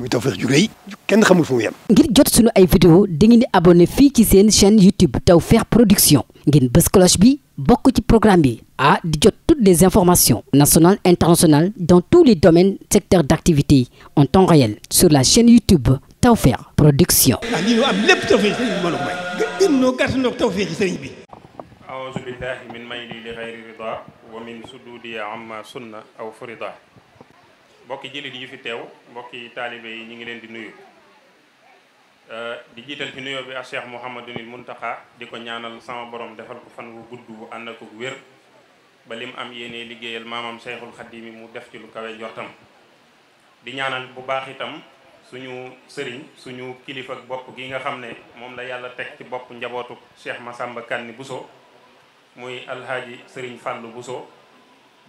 muy Tawfekh ju rëy kenn xamul fu mu yem. ngir jot sunu ay vidéo dangeen di abonné fii ci seen chaîne YouTube Tawfekh Production ngeen bës bi bokk ci programme bi ah di jot toutes les informations nationales internationales dans tous les domaines secteurs d'activité en temps réel sur la chaîne YouTube Tawfekh Production. ah lii ñu am lépp Tawfekh sëriñ bi mbooloo mooy. gën gën ñoo gàtt ñoo Tawfekh sëriñ bi. awuzu billahi min mayli li xayri rida wa min sududi amma sunna aw furida mbokki jëlit yi fi teew mbokki taalibe yi ñu ngi leen di nuyu euh, di jiital ci nuyoo bi ak Cheikh Mouhamadunil Muntaxa di ko ñaanal sama boroom defal ko fan wu gudd wu ànd ak wér ba lim am yéene liggéeyal maamam Cheikhul Xadimi mu def ci lu kawe jortam di ñaanal bu baax itam suñu sëriñ suñu kilifa bopp gi nga xam ne moom la yàlla teg ci bopp njabootu Cheikh Massamba Kanni Bousso muy alhaaji sëriñ Fàllu Bousso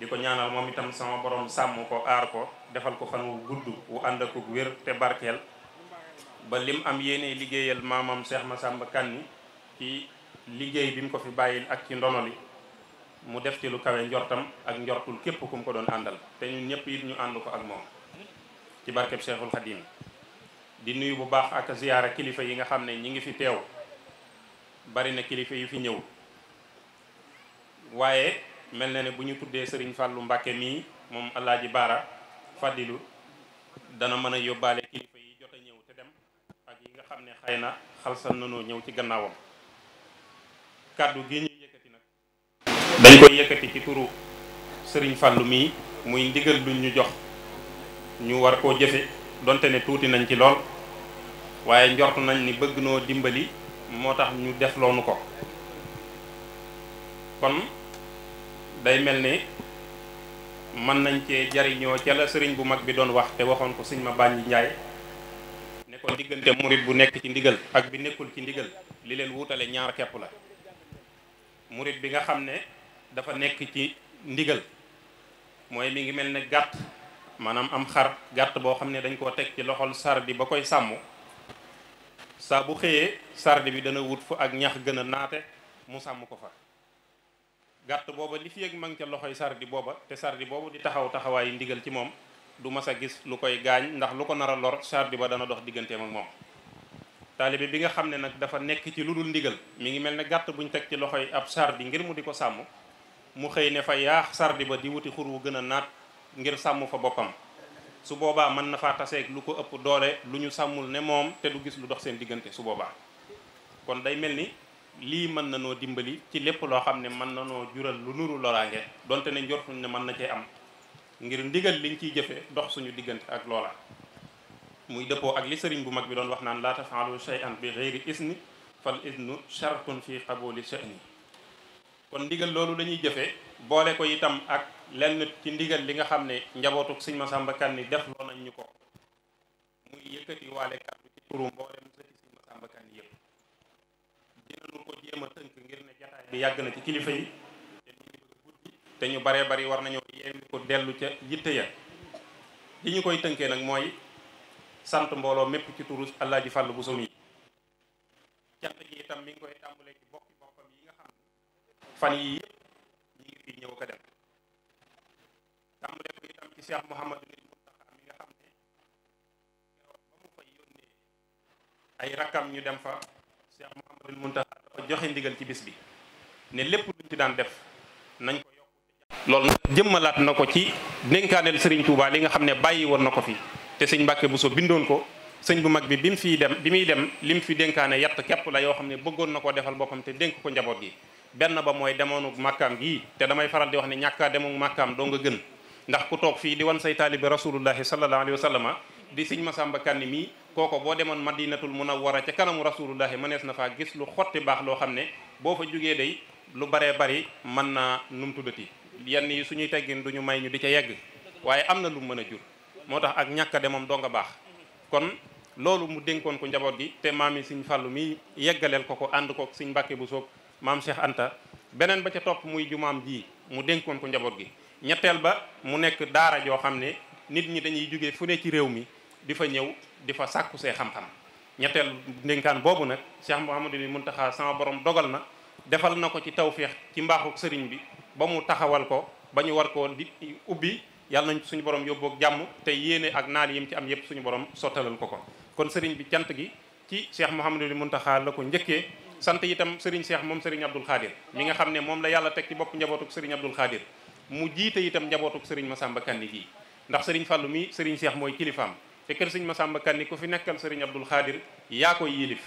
di ko ñaanal moom itam sama borom sàmm ko aar ko defal ko fan wu gudd wu ànd ak wér te barkeel ba lim am yéene liggéeyal maamam ma sàmb Kanni ci liggéey bi mu ko fi bàyyil ak ci ndono li mu def ci lu kawe njortam ak njortul képp ku mu ko doon àndal te ñun ñëpp it ñu ànd ko ak moom ci barkeb Cheikhul Khadim di nuyu bu baax ak ziyaara kilifa yi nga xam ne ñi ngi fi teew bari na kilifa yu fi ñëw waaye mel na ne bu ñu tuddee sëriñ Fallou mbakke mii moom Alaaji Baara fàddilu dana mën a yóbbaale kilifa yi jot a ñëw te dem ak yi nga xam ne xëy na xalsal nanoo ñëw ci gannaawam kàddu gi ñuy yëkkati nag dañ koy yëkkati ci turu sëriñ fàllu mii muy ndigal luñ ñu jox ñu war koo jëfe donte ne tuuti nañ ci lool waaye njort nañ ni bëgg noo dimbali moo tax ñu def loonu ko kon day mel ni mën nañ cee jariñoo ca la sëriñ bu mag bi doon wax te waxoon ko sëñ ma bànji njaay ne ko diggante murit bu nekk ci ndigal ak bi nekkul ci ndigal li leen wuutale ñaar kepp la murit bi nga xam ne dafa nekk ci ndigal mooy mi ngi mel ne gàtt maanaam am xar gàtt boo xam ne dañ koo teg ci loxol sardi ba koy sàmm saa bu xëyee sardi bi dana wut fu ak ñax gën a naate mu sàmm ko fa gàtt booba li fi yëg ma ngi ca loxoy sardi booba te sardi boobu di taxaw taxawaayu ndigal ci moom du mas a gis lu koy gaañ ndax lu ko nar a lor sardi ba dana dox digganteem ak moom taalibe bi nga xam ne nag dafa nekk ci lu dul ndigal mi ngi mel ne gàtt buñ teg ci loxoy ab sardi ngir mu di ko sàmm mu xëy ne fa yaax sardi ba di wuti xur wu gën a naat ngir sàmm fa boppam su boobaa mën na faa taseeg lu ko ëpp doole lu ñu sàmmul ne moom te du gis lu dox seen diggante su boobaa kon lii mën na noo dimbali ci lépp loo xam ne mën na noo jural lu nuru loraange donte ne njortuñ ne mën na cee am ngir ndigal liñ ciy jëfe dox suñu diggante ak loola muy dëppoo ak li sëriñ bu mag bi doon wax naan laa tafaalu shay'an bi ghairi isni fan idnu shartun fi qabuli sha'ni kon ndigal loolu lañuy ñuy boole ko itam ak lenn ci ndigal li nga xam ne njabootuk sëñ Masamba Kanni def loo nañ ñu ko muy yëkkati waale kàddu ci turu mboolem sëñ duma ko jéem tënk ngir ne jataay bi yàgg na ci kilifa yi te ñu bare bëgg guddi bari war nañoo yeewi ko dellu ca yitte ya li ñu koy tënkee nag mooy sant mbooloo mépp ci turu Alaaji Fàllu Buso mi cant gi itam mi ngi koy tàmbalee ci bokki boppam yi nga xam ne fan yi yëpp ñu ngi fi ñëw ko dem ay rakkam ñu dem fa Cheikh Mouhamadul Muntaha dafa joxe ndigal ci bis bi ne lépp luñ ci daan def nañ ko yokk loolu nag jëmmalaat na ko ci dénkaaneel Serigne Touba li nga xam ne bàyyi woon na ko fi te sëñ Mbàkke Buso bindoon ko sëñ bu mag bi bi mu fi dem bi muy dem li mu fi dénkaane yatt képp la yoo xam ne bëggoon na koo defal boppam te dénk ko njaboot gi benn ba mooy demoonu màkkaam gii te damay faral di wax ne ñàkkaa demoon màkkaam doo nga gën ndax ku toog fii di wan say taalibe rasulullahi sallallahu alayhi wa di sëñ Masamba Kanni mii kooko boo demoon madinatul munawwara ca kanamu rasulullahi mënees na faa gis lu xotti baax loo xam ne boo fa jugee day lu baree bari mën naa num tuddati yenn yi suñuy teggin du ñu may ñu di ca yegg waaye am na lu mën a jur moo tax ak ñàkk a demam doo nga baax kon loolu mu dénkoon ko njaboot gi te maam yi suñ fàllu mi yeggaleel ko ko ànd ko suñ mbàkke bu soob maam Cheikh Anta beneen ba ca topp muy jumaam ji mu dénkoon ko njaboot gi ñetteel ba mu nekk daara joo xam ne nit ñi dañuy jóge fu ne ci réew mi di fa ñëw di fa sàkku see xam-xam ñetteel ndénkaan boobu nag Cheikh Mouhamadul Muntaxa sama borom dogal na defal na ko ci tawféex ci mbaaxu sëriñ bi ba mu taxawal ko ba ñu war koo di ubbi yàlla nañ suñu borom yóbboog jàmm te yéene ak yi mu ci am yépp suñu borom sottalal ko ko kon sëriñ bi jant gi ci Cheikh Mouhamadul Muntaxa la ko njëkkee sant itam sëriñ Cheikh moom sëriñ Abdul Xaadir mi nga xam ne la yàlla teg ci bopp njabootuk sëriñ mu jiite itam njabootuk sëriñ Masamba Kanni gi ndax sëriñ Fàllu mi sëriñ Cheikh mooy kilifaam te kër sëñ kan ni ku fi nekkal sëriñ Abdul Xaadir yaa ko yilif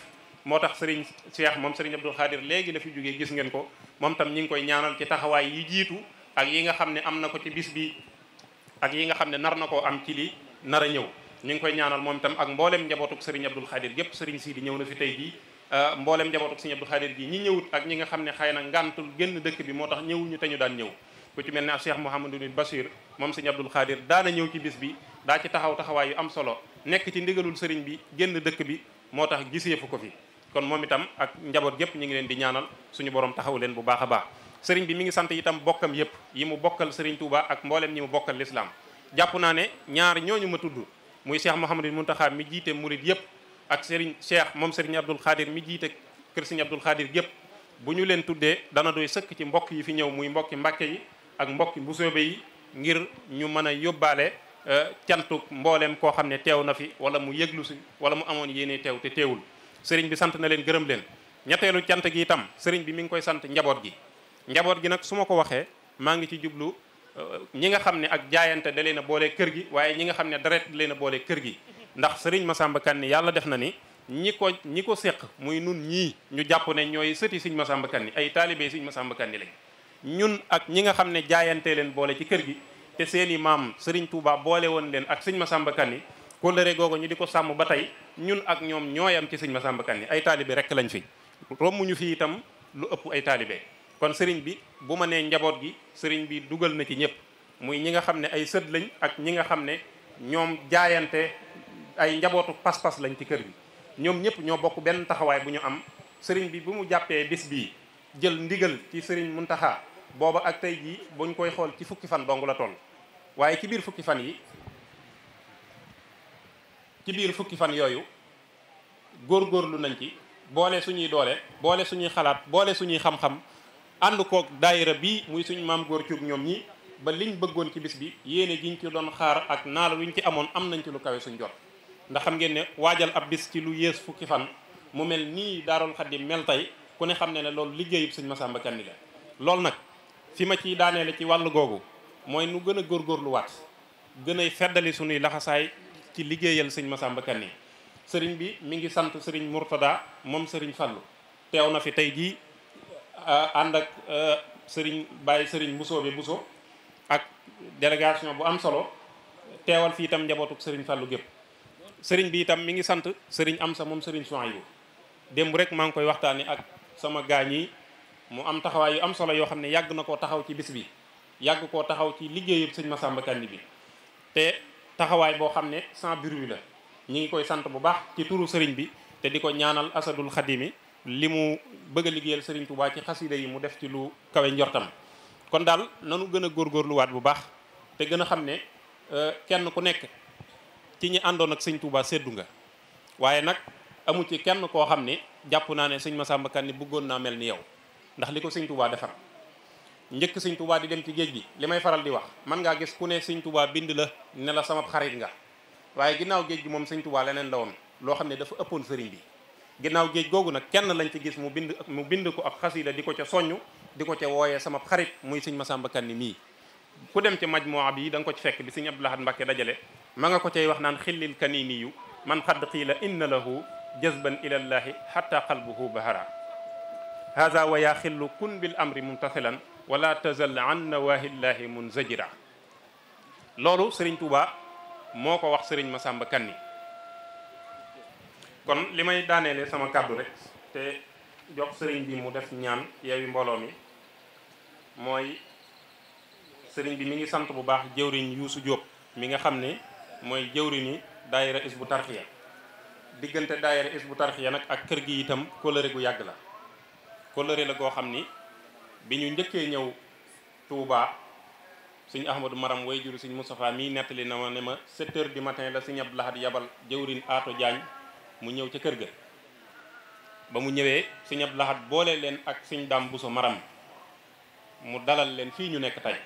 moo tax sëriñ Cheikh moom sëriñ Abdul Xaadir léegi la fi jógee gis ngeen ko moom tam ñi ngi koy ñaanal ci taxawaay yi jiitu ak yi nga xam ne am na ko ci bis bi ak yi nga xam ne nar na koo am ci li nar a ñëw ñu ngi koy ñaanal moom tam ak mboolem njabootuk sëriñ Abdul Xaadir yépp sëriñ Sidi ñëw na fi tey jii euh, mboolem njabootuk sëriñ Abdul Xaadir gi ñi ñëwut ak ñi nga xam ne xëy na ngàntul génn dëkk bi moo tax ñëwuñu te ñu daan ñëw ku ci mel ne Cheikh Mouhamadou Bachir moom sëñ Abdul Xaadir daana ñëw ci bis bi daa ci taxaw taxawaay yu am solo nekk ci ndigalul sëriñ bi génn dëkk bi moo tax gisee fu ko fi kon moom itam ak njaboot gépp ñu ngi leen di ñaanal suñu borom taxaw leen bu baax a baax sëriñ bi mi ngi sant itam bokkam yépp yi mu bokkal sëriñ Touba ak mboolem ñi mu bokkal lislaam jàpp naa ne ñaar ñooñu ma tudd muy Cheikh Mouhamadou Mountakha mi jiite murid yépp ak sëriñ Cheikh moom sëriñ Abdul Xaadir mi jiite kër sëriñ Abdul gépp bu ñu leen tuddee dana doy sëkk ci mbokk yi fi ñëw muy mbokki Mbàkke yi ak mbokki Mbusoobe yi ngir ñu mën a yóbbaale euh, cantu mbooleem koo xam ne teew na fi wala mu yëglu si wala mu amoon yéene teew te teewul sëriñ bi sant na leen gërëm leen ñetteelu cant gi itam sëriñ bi mi ngi koy sant njaboot gi njaboot gi nag su ma ko waxee maa ngi ci jublu euh, ñi nga xam ne ak jaayante da leen a boole kër gi waaye ñi nga xam ne deret leen a boole kër gi ndax sëriñ ma Massamba Kanni yàlla def na ni ñi ko ñi ko séq muy nun ñii ñu jàpp ne ñooy sëti ma Massamba Kanni ay taalibe sëriñ Massamba Kanni lañ ñun ak ñi nga xam ne jaayante leen boole ci kër gi te seeni maam Serigne Touba boole woon leen ak sëñ Massamba Kanni kóllëre googu ñu di ko sàmm ba tey ñun ak ñoom ñooyam ci sëñ Massamba Kanni ay taalibe rek lañ fi ñu fi itam lu ëpp ay taalibe kon sëriñ bi bu ma nee njaboot gi sëriñ bi dugal na ci ñëpp muy ñi nga xam ne ay sët lañ ak ñi nga xam ne ñoom jaayante ay njabootu pas-pas lañ ci kër gi ñoom ñëpp ñoo bokk benn taxawaay bu ñu am sëriñ bi bu mu jàppee bis bii jël ndigal ci sëriñ Muntaxa booba ak tey jii buñ koy xool ci fukki fan dong la tool waaye ci biir fukki fan yi ci biir fukki fan yooyu góor góorgóorlu nañ ci boole suñuy doole boole suñuy xalaat boole suñuy xam-xam ànd koog daayira bi muy suñu maam góor cuub ñoom ñi ba liñ bëggoon ci bis bi yéene jiñ ci doon xaar ak naal wiñ ci amoon am nañ ci lu kawe suñ jot ndax xam ngeen ne waajal ab bis ci lu yées fukki fan mu mel nii daaroon xaddim mel tey ku ne xam ne ne loolu liggéeyub suñ Masamba Kanni la loolu nag fi ma ciy daaneele ci wàll googu mooy nu gën a góor góorluwaat gën a feddali sunuy laxasaay ci liggéeyal sëñ Massamba Kanni sëriñ bi mi ngi sant sëriñ Mourtada moom sëriñ Fallu teew na fi tey jii uh, ànd ak uh, sëriñ Baye sëriñ Bousso bi Bousso ak délégation bu am solo teewal fi itam njabootuk sëriñ Fallu gépp sëriñ bi itam mi ngi sant sëriñ Amsa moom sëriñ Souhaïbou démb rek maa ngi koy waxtaani ak sama gaañ yi mu am taxawaay yu am solo yoo xam ne yàgg na koo taxaw ci bis bi yàgg koo taxaw ci liggéeyub sëñ Massamba Kanni bi te taxawaay boo xam ne sans bi la ñi ngi koy sant bu baax ci turu sëriñ bi te di ko ñaanal asadul xadimi li mu bëgg a liggéeyal sëriñ Touba ci xasida yi mu def ci lu kawe njortam kon daal nanu gën a góorluwaat bu baax te gën a xam ne euh, kenn ku nekk ci ñi àndoon ak sëñ Touba seddu nga waaye nag amu ci kenn koo xam ne jàpp naa ne sëñ Massamba Kanni bëggoon naa mel ni yow ndax li ko sëñ tubaa defar njëkk sëñ tubaa di dem ci géej gi li may faral di wax man ngaa gis ku ne sëñ tubaa bind la ne la sama xarit nga waaye ginnaaw géej gi moom sëñ tubaa leneen la woon loo xam ne dafa ëppoon sëriñ bi ginnaaw géej googu nag kenn lañ ci gis mu bind mu bind ko ab xasida di ko ca soññ di ko ca wooyee sama xarit muy sëñ Masamba Kanni mii ku dem ci majmuwa bi da nga ko ci fekk bi sëñ Abdou Lahad Mbacké dajale ma nga ko cay wax naan xillil kanini yu man xad qiila inna lahu jazban ilallahi xatta qalbuhu bahara haza wa yaa xillu kun bil amri mumtasilan wala tazal an nawahillahi munzajira loolu sëriñ Touba moo ko wax sëriñ ma Masamba Kanni kon li may daaneele sama kàddu rek te jox sëriñ bi mu def ñaan yeewi mbooloo mi mooy sëriñ bi mu ngi sant bu baax jëwriñ Yuusu Jóob mi nga xam ni mooy jëwriñi daayira Hizbut Tarqiyyah diggante daayira Hizbut Tarqiyyah nag ak kër gi itam kóllëre gu yàgg la kóllëre la goo xam ni bi ñu njëkkee ñëw Touba suñ Ahmadou Maram way juru suñ Moustapha mii nettali na ma ne ma 7 heures du matin la suñ Abdou Lahad yabal jëwrin Ato Diagne mu ñëw ca kër ga ba mu ñëwee suñ Abdou boole leen ak suñ Dame Bousso Maram mu dalal leen fii ñu nekk tey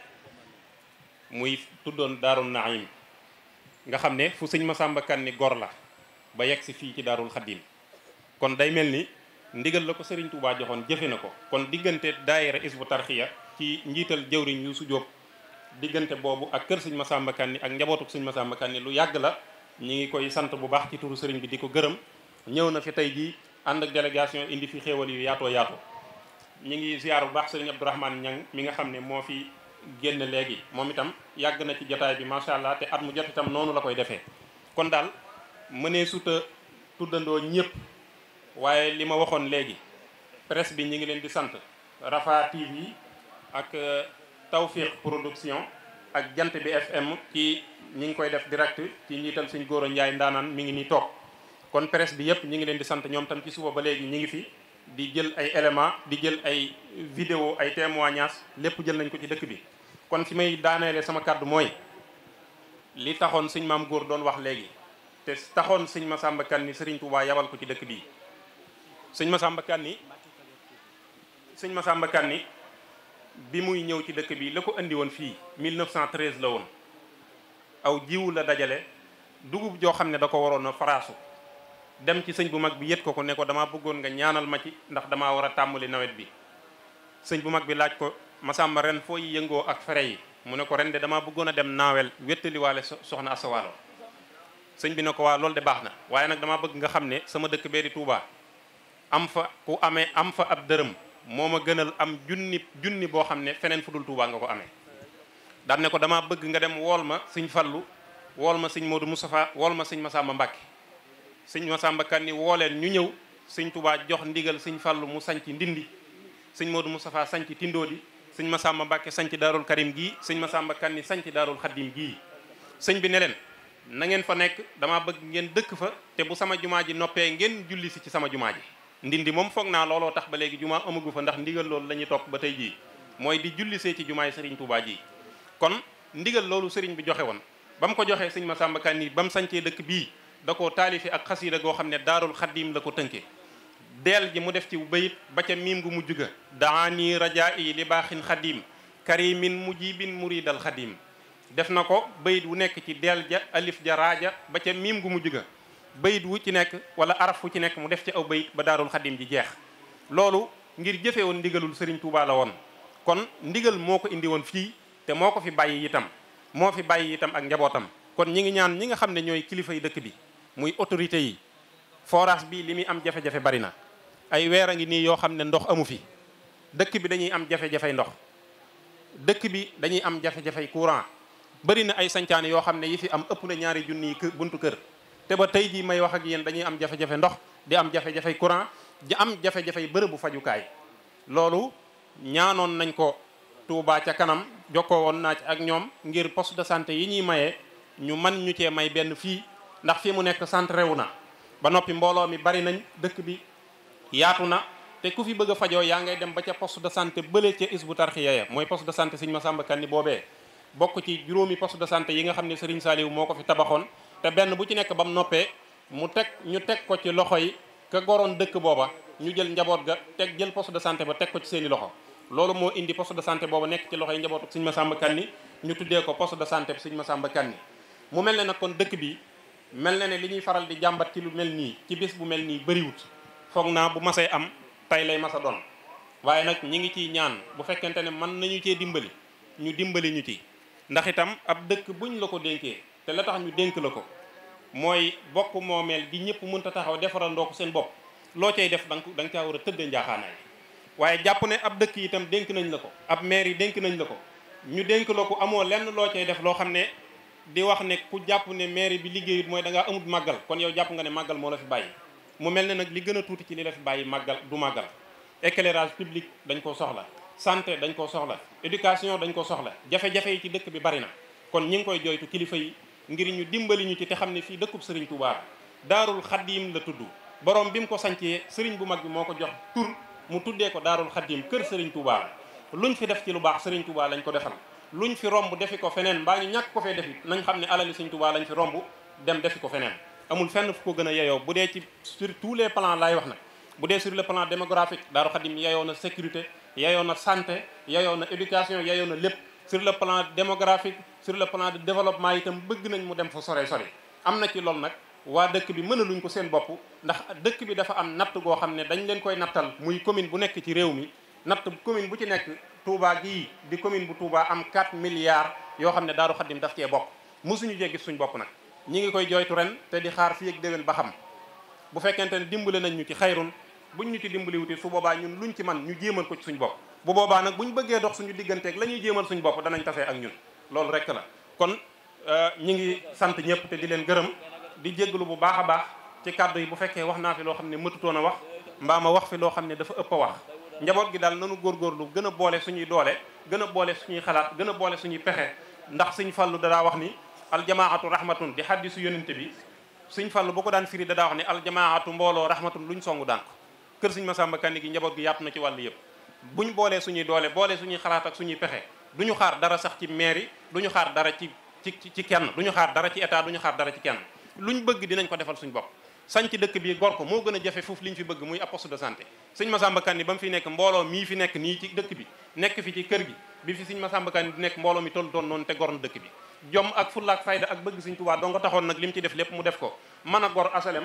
muy tuddoon Daaru Naim nga xam ne fu suñ Masamba Kan ni gor la ba yegg si fii ci Daarul Xaddim kon day mel ni ndigal la ko Serigne Touba joxoon jëfe na ko kon diggante daayira isbu tarxiya ci njiital jëwriñ Yuusu Jóob diggante boobu ak kër sëñ Masamba Kanni ak njabootuk ma Masamba Kanni lu yàgg la ñi ngi koy sant bu baax ci turu sëriñ bi di ko gërëm ñëw na fi tey jii ànd ak délégation indi fi xéewal yu yaatoo yaatu ñi ngi ziar bu baax sëriñ Abdourahmane Ñang mi nga xam ne moo fi génn léegi moom itam yàgg na ci jotaay bi macha allah te at mu jot itam noonu la koy defee kon daal mënee suta tuddandoo ñëpp waaye li ma waxoon léegi presse bi ñu ngi leen di sant Rafa TV ak euh, Tawfekh Production ak Jant bi FM ci ñu ngi koy def direct ci njiital suñ góor a Njaay ndaanaan mi ngi nii toog kon presse bi yëpp ñu ngi leen di sant ñoom tam ci suba ba léegi ñu ngi fi di jël ay éléments di jël ay video ay témoignages lépp jël nañ ko ci dëkk bi kon fi may daaneele sama kàddu mooy li taxoon suñ maam góor doon wax léegi te taxoon suñ Masamba Kan ni Sëriñ Tuubaa yabal ko ci dëkk bi sëñ Masamba ni sëñ Masamba ni bi muy ñëw ci dëkk bi la ko indi woon fii 1913 la woon aw jiwu la dajale dugub joo xam ne da ko waroon a faraasu dem ci sëñ bu mag bi yët ko ko ne ko damaa bëggoon nga ñaanal ma ci ndax damaa war a tàmbali nawet bi sëñ bu mag bi laaj ko Masamba ren foo yëngoo ak fere yi mu ne ko ren de damaa bëggoon a dem naawel wéttaliwaale soxna asawaalo sëñ bi ne ko waa loolu de baax na waaye nag damaa bëgg nga xam ne sama dëkk bee di Touba am fa ku amee am fa ab dërëm moo ma gënal am junni junni boo xam ne feneen fu dul Tuubaa nga ko amee daan ne ko damaa bëgg nga dem wool ma sëñ Fallu wool ma sëñ Modou Moustapha wool ma sëñ Masamba Mbàkke sëñ Masamba Kanni woo leen ñu ñëw sëñ Tuubaa jox ndigal sëñ Fallu mu sanc Ndindi sëñ Modou Moustapha sanc Tindoodi sëñ Masamba Mbàkke sanc Daarul Karim gii sëñ Masamba Kanni sanc Daarul Xaddim gii sëñ bi ne leen na ngeen fa nekk damaa bëgg ngeen dëkk fa te bu sama jumaa ji noppee ngeen julli si ci sama jumaa ji ndindi moom foog naa looloo tax ba léegi jumaa amagu fa ndax ndigal loolu la ñuy topp ba tey jii mooy di jullisee ci jumaay Serigne Touba ji kon ndigal loolu sëriñ bi joxe woon ba mu ko joxee sëñ ma sàmba yi ba mu sañcee dëkk bii da koo taalifi ak xasiida goo xam ne daarul xaddiim la ko tënkee dell ji mu def ci bayit ba ca miim gu mujj ga daani rajaa yi li baaxin xaddiim karimin mujibin muridal xaddiim def na ko bayit wu nekk ci dell ja alif ja ba ca miim gu mujj ga bayit wu ci nekk wala araf wu ci nekk mu def ci aw bayit ba daarul xadim ji jeex loolu ngir jëfe woon ndigalul sëriñ Touba woon kon ndigal moo ko indi woon fii te moo ko fi bàyyi itam moo fi bàyyi itam ak njabootam kon ñi ngi ñaan ñi nga xam ne ñooy kilifay dëkk bi muy autorité yi forage bi li muy am jafe-jafe bari na ay weer a ngi nii yoo xam ne ndox amu fi dëkk bi dañuy am jafe-jafey ndox dëkk bi dañuy am jafe-jafey courant bari na ay sancaane yoo xam ne yi fi am ëpp na ñaari junniy buntu kër te ba tey jii may wax ak yéen dañuy am jafe-jafe ndox di am jafe-jafe courant di am jafe-jafe bërëbu fajukaay loolu ñaanoon nañ ko Touba ca kanam jokkoo woon naa ci ak ñoom ngir poste de santé yi ñuy maye ñu man ñu cee may benn fii ndax fii mu nekk centre wu na ba noppi mbooloo mi bari nañ dëkk bi yaatu na te ku fi bëgg a fajoo yaa ngay dem ba ca poste de santé bële ca isbu tarxiya ya mooy poste de santé Serigne Massamba Kanni boobee bokk ci juróomi poste yi nga xam ne Serigne Saliou moo ko fi tabaxoon te benn bu ci nekk ba mu noppee mu teg ñu teg ko ci loxo yi ka goroon dëkk booba ñu jël njaboot ga teg jël poste de santé ba teg ko ci seeni loxo loolu moo indi poste de santé booba nekk ci loxo yi njabootu ma Masamba Kanni ñu tuddee ko poste de santé bi Sëriñ Masamba Kanni mu mel ne nag kon dëkk bi mel na ne li ñuy faral di jàmbat ci lu mel nii ci bis bu mel nii bëriwut foog naa bu masee am tey lay masa doon waaye nag ñi ngi ciy ñaan bu fekkente ne mën nañu cee dimbali ñu dimbali ñu ci ndax itam ab dëkk buñ la ko dénkee te la tax ñu dénk la ko mooy bokk moomeel gi ñëpp mënta taxaw defarandoo ko seen bopp loo cay def danga da nga war a tëdd njaaxaanaay waaye jàpp ne ab dëkk itam dénk nañ la ko ab maire yi dénk nañ la ko ñu dénk la ko amoo lenn loo cay def loo xam ne di wax ne ku jàpp ne maire bi liggéeyut mooy da ngaa amut màggal kon yow jàpp nga ne màggal moo la fi bàyyi mu mel ne nag li gën a tuuti ci li la fi bàyyi màggal du màggal éclairage public dañ koo soxla santé dañ koo soxla éducation dañ koo soxla jafe-jafe yi dëkk bi bari na kon ñi ngi koy jooytu kilifa yi ngir ñu dimbali ñu ci te xam ne fii dëkkub sëriñ Touba daarul xaddiim la tudd borom bi mu ko sancee sëriñ bu mag bi moo ko jox tur mu tuddee ko daarul xaddiim kër sëriñ Touba luñ fi def ci lu baax sëriñ Touba lañ ko defal ñu fi romb defi ko feneen mbaa ñu ñàkk ko fee defi nañ xam ne alali sëriñ Touba lañ fi romb dem defi ko feneen amul fenn fu ko gën a yeyoo bu dee ci surtout tous les plans laay wax na bu dee sur le plan démographique daaru xaddim yeyoo na sécurité yeyoo na santé yeyoo na éducation yeyoo na lépp sur le plan démographique sur le plan de développement itam bëgg nañ mu dem fa sore sore am na ci lool nag waa dëkk bi mënaluñ ko seen bopp ndax dëkk bi dafa am natt goo xam ne dañ leen koy nattal muy commune bu nekk ci réew mi natt commune bu ci nekk Touba gii di commune bu tuubaa am 4 milliards yoo xam ne Daaru Xaddim daf cee bokk mosuñu jéggi suñ bopp nag ñu ngi koy joytu ren te di xaar fi ak déwén ba xam bu fekkente ne dimbale nañ ñu ci xayrun bu ñu ci dimbaliwutee su boobaa ñun lu ñu ci man ñu jéemal ko suñu bopp bu boobaa nag buñ bëggee dox suñu digganteeg la ñuy jéemal suñu bopp danañ tafee ak ñun loolu rek la kon euh, ñi ngi sant ñëpp te di leen gërëm di jégalu bu baax a baax ci kàddu yi bu fekkee wax naa fi loo xam ne mëtutoon a wax mbaam a wax fi loo xam ne dafa ëpp a wax njaboot gi daal nanu góor lu gën a boole suñuy doole gën a boole suñuy xalaat gën a boole suñuy pexe ndax suñ fàllu dadaa wax ni aljamaatu rahmatun di xaddisu yonente bi suñ fàllu bu ko daan firi dadaa wax ni aljamaatu mbooloo rahmatun luñ songu daan ko kër sëñ Masamba Kanni gi njaboot gi yàpp na ci wàll yëpp buñ boolee suñuy doole boolee suñuy xalaat ak suñuy pexe duñu xaar dara sax ci mairie ñu xaar dara ci ci ci kenn duñu xaar dara ci état duñu xaar dara ci kenn lu ñu bëgg dinañ ko defal suñ bopp sañ ci dëkk bi gor ko moo gën a jafe foofu ñu fi bëgg muy ab poste de santé sëñ Masamba Kanni ba mu fi nekk mbooloo mii fi nekk nii ci dëkk bi nekk fi ci kër gi bi fi sëñ Masamba Kanni di nekk mbooloo mi toll doon noonu te gor na bi jom ak fullaak fayda ak bëgg sëñ Tuubaa doo nga taxoon nag li mu ci def lépp mu def ko mën a gor asalem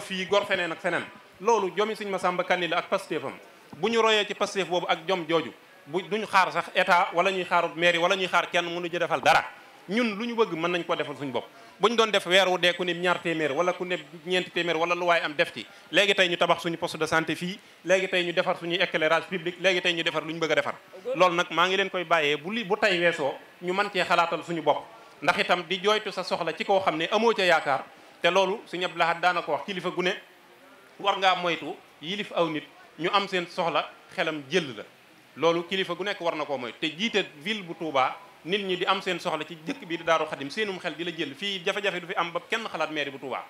fii gor feneen ak feneen loolu jomi sëñ Masamba Kanni la ak pasteefam bu ñu royee ci pasteef boobu ak jom jooju bu duñ xaar sax état wala ñuy xaarut mairie wala ñuy xaar kenn mënu ci defal dara ñun lu ñu bëgg mën nañ ko defal suñu bopp buñ doon def weer wu dee ku ne ñaar téeméer wala ku ne ñeenti téeméer wala lu waaye am def ci léegi tey ñu tabax suñu poste de santé fii léegi tey ñu defar suñuy éclairage public léegi tey ñu defar lu ñu bëgg defar loolu nag maa ngi leen koy bàyyee bu li bu tey weesoo ñu mën cee suñu bopp ndax di jooytu sa soxla ci koo xam ne amoo ca yaakaar te loolu suñu Abdou daana ko wax kilifa gu war ngaa moytu yilif aw nit ñu am seen soxla xelam jël la loolu kilifa gu nekk war na koo moytu te jiite ville bu tuubaa nit ñi di am seen soxla ci dëkk bi di daaru xadim seenum xel di la jël fii jafe-jafe du fi am ba kenn xalaat mairie bu Touba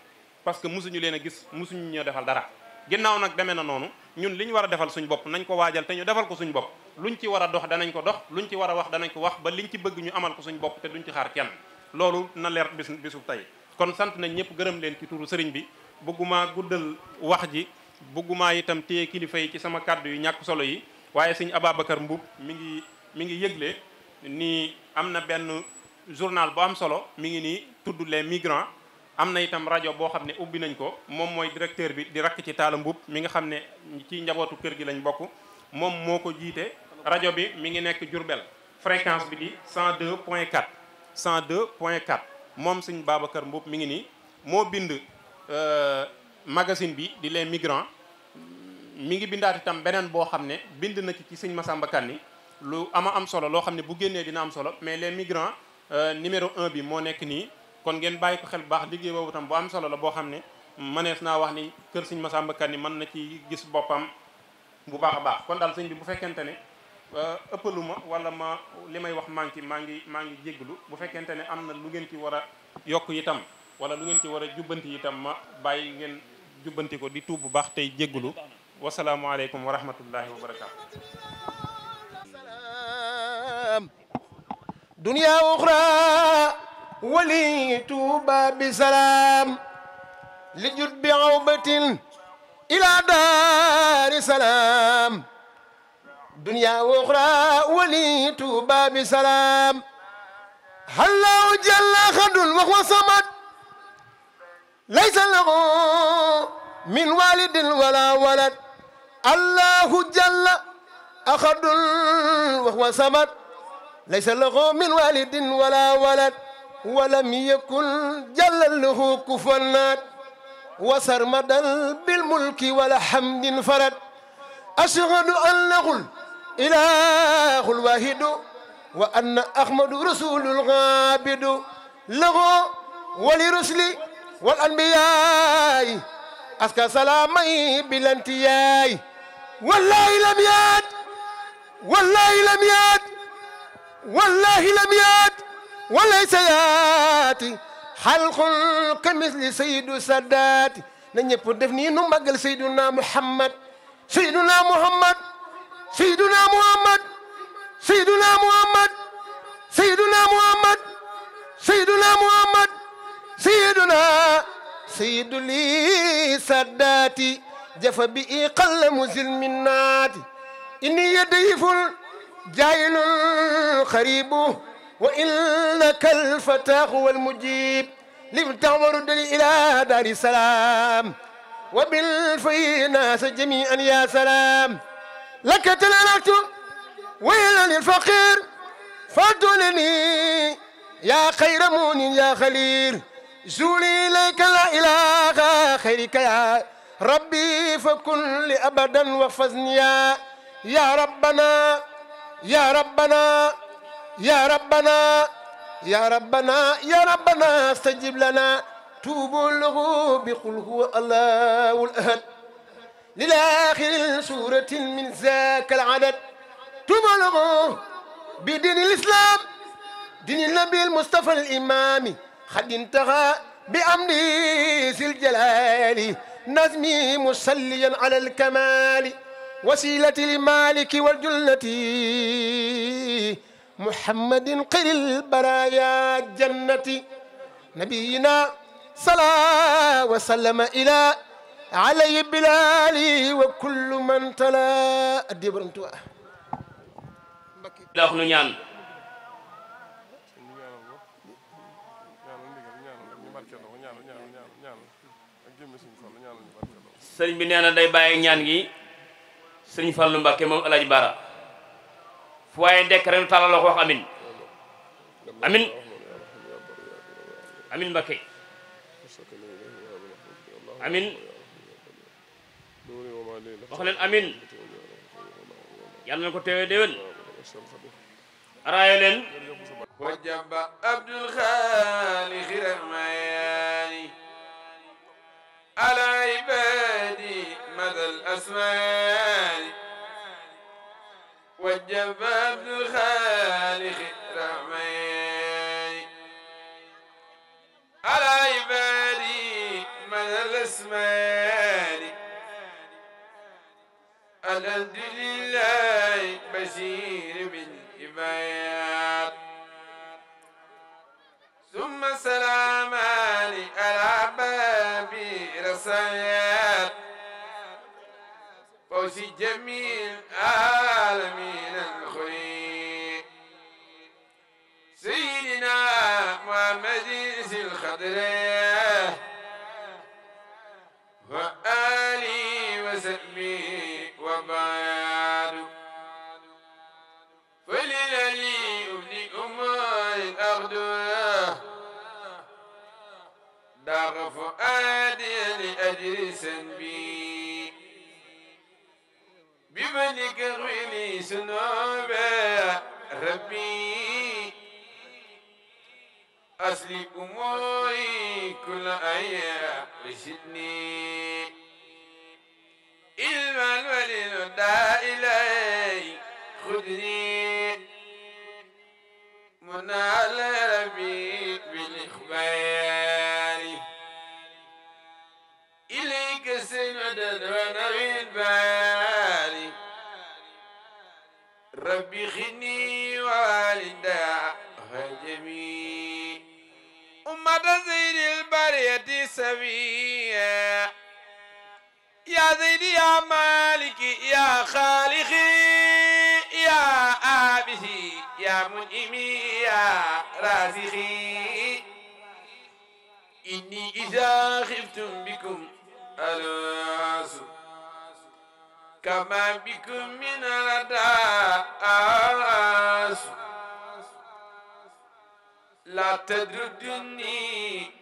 parce que mosuñu leen a gis mosuñu ñoo defal dara ginnaaw nag demee na noonu ñun li ñu war a defal suñ bopp nañ ko waajal te ñu defal ko suñ bopp luñ ci war a dox danañ ko dox luñ ci war a wax danañ ko wax ba liñ ci bëgg ñu amal ko suñ bopp te duñ ci xaar kenn loolu na leer bis bisu tey kon sant nañ ñëpp gërëm leen ci turu sëriñ bi bëggumaa guddal wax ji bëggumaa itam téye kilifa yi ci sama kàddu yu ñàkk solo yi waaye sëñ kër Mbuub mi ngi mi ngi yëgle nii am na benn journal bu am solo mi ngi nii tudd les migrants am na itam rajo boo xam ne ubbi nañ ko moom mooy directeur bi di rakk ci taala Mbuub mi nga xam ne ci njabootu kër gi lañ bokk moom moo ko jiite rajo bi mi ngi nekk Jurbel fréquence bi di 102 point 4 102 point 4 moom sëñ Babacar Mbuub mi ngi nii moo bind Euh, magazine bi di les migrants mi ngi bindaat itam beneen boo xam ne bind na ci ci sëñ Massamba Kanni lu ama am solo loo xam ne bu génnee dina am solo mais les migrants euh, numéro un bi moo nekk nii kon ngeen bàyyi ko xel bu baax liggéey boobu itam bu am solo la boo xam ne mënees naa wax ni kër sëñ Massamba Kanni mën na ci gis boppam bu baax a baax kon daal sëñ bi bu fekkente ne euh, ëppalu ma wala ma li may wax maa ci maa ngi maa ngi jégglu bu fekkente ne am na lu ngeen ci war a yokk itam wala lu ngeen ci war a jubbanti itam ma bàyyi ngeen jubbanti ko di tuub bu baax tey jéggulu wasalaamaaleykum wa rahmatullahi wa barakaatu dunya uxra wali tuuba bi salaam li jut bi awbatin ila daari salaam dunya uxra wali tuuba bi salaam hallahu jalla xadul wax wa samat ليس له من والد ولا ولد الله جل أخد وهو صمد ليس له من والد ولا ولد ولم يكن جل له كفوا وسرمدا بالملك والحمد انفرد أشهد أنه الإله الواحد وأن أحمد رسول الغابد له ولرسله wal anbiyaay aska salaamay bilantiyaay wallahi lam yaat wallahi lam yaat wallahi lam yaat walay sa yaati xalqul kamis li saydu saddaati na ñëpp def nii nu màggal sayduna muhammad sayduna muhammad sayduna muhammad sayduna muhammad sayduna muhammad sayduna muhammad سيدنا سيد لي ساداتي جف بي قل مزل مناتي إني يديف جاهل خريب وإنك الفتى هو المجيب لم تعمر إلى دار السلام وبالفي ناس جميعا يا سلام لك تلالكت ويلا للفقير فاتولني يا خير مون يا خليل زولي إليك لا إله خيرك يا ربي فكن لي أبدا وفزني يا ربنا يا ربنا يا ربنا يا ربنا يا ربنا استجب لنا توبوا له بقل هو الله الأهد للآخر سورة من ذاك العدد توبوا له بدين الإسلام دين النبي المصطفى الإمامي قد انتهى بأمري ذي الجلال نظمي مصليا على الكمال وسيلة المالك والجلة محمد قل البرايا جنتي نبينا صلى وسلم إلى علي بلالي وكل من تلا أدي برنتوا لا نيان sëriñ bi nee na day bàyyi ñaan gi sëriñ Fallou Mbacké moom El Hadj Bara fu waaye dekk rek amin amin amin amin wax leen na ko teewee déwén araayo leen wajaba abdul xaali xiramaya على عبادي مدى الأسمان وجب ابن الخالق رحمين على عبادي مدى الأسمان الحمد لله بشير بي جميع العالمين خير سيدنا محمد ذي الخضر وآله وسلمه وبعد فللالي ابن أمار الأغدر داغ فؤادي لأجل سنبي سنوبة ربي أسلي أموري كل أيام وشدني علما ولن داء إلي خذني منى الجارية سبيا يا زيد يا مالك يا خالقي يا آبه يا منعمي يا رازقي إني إذا خفتم بكم ألاس كما بكم من الأداس لا تدردني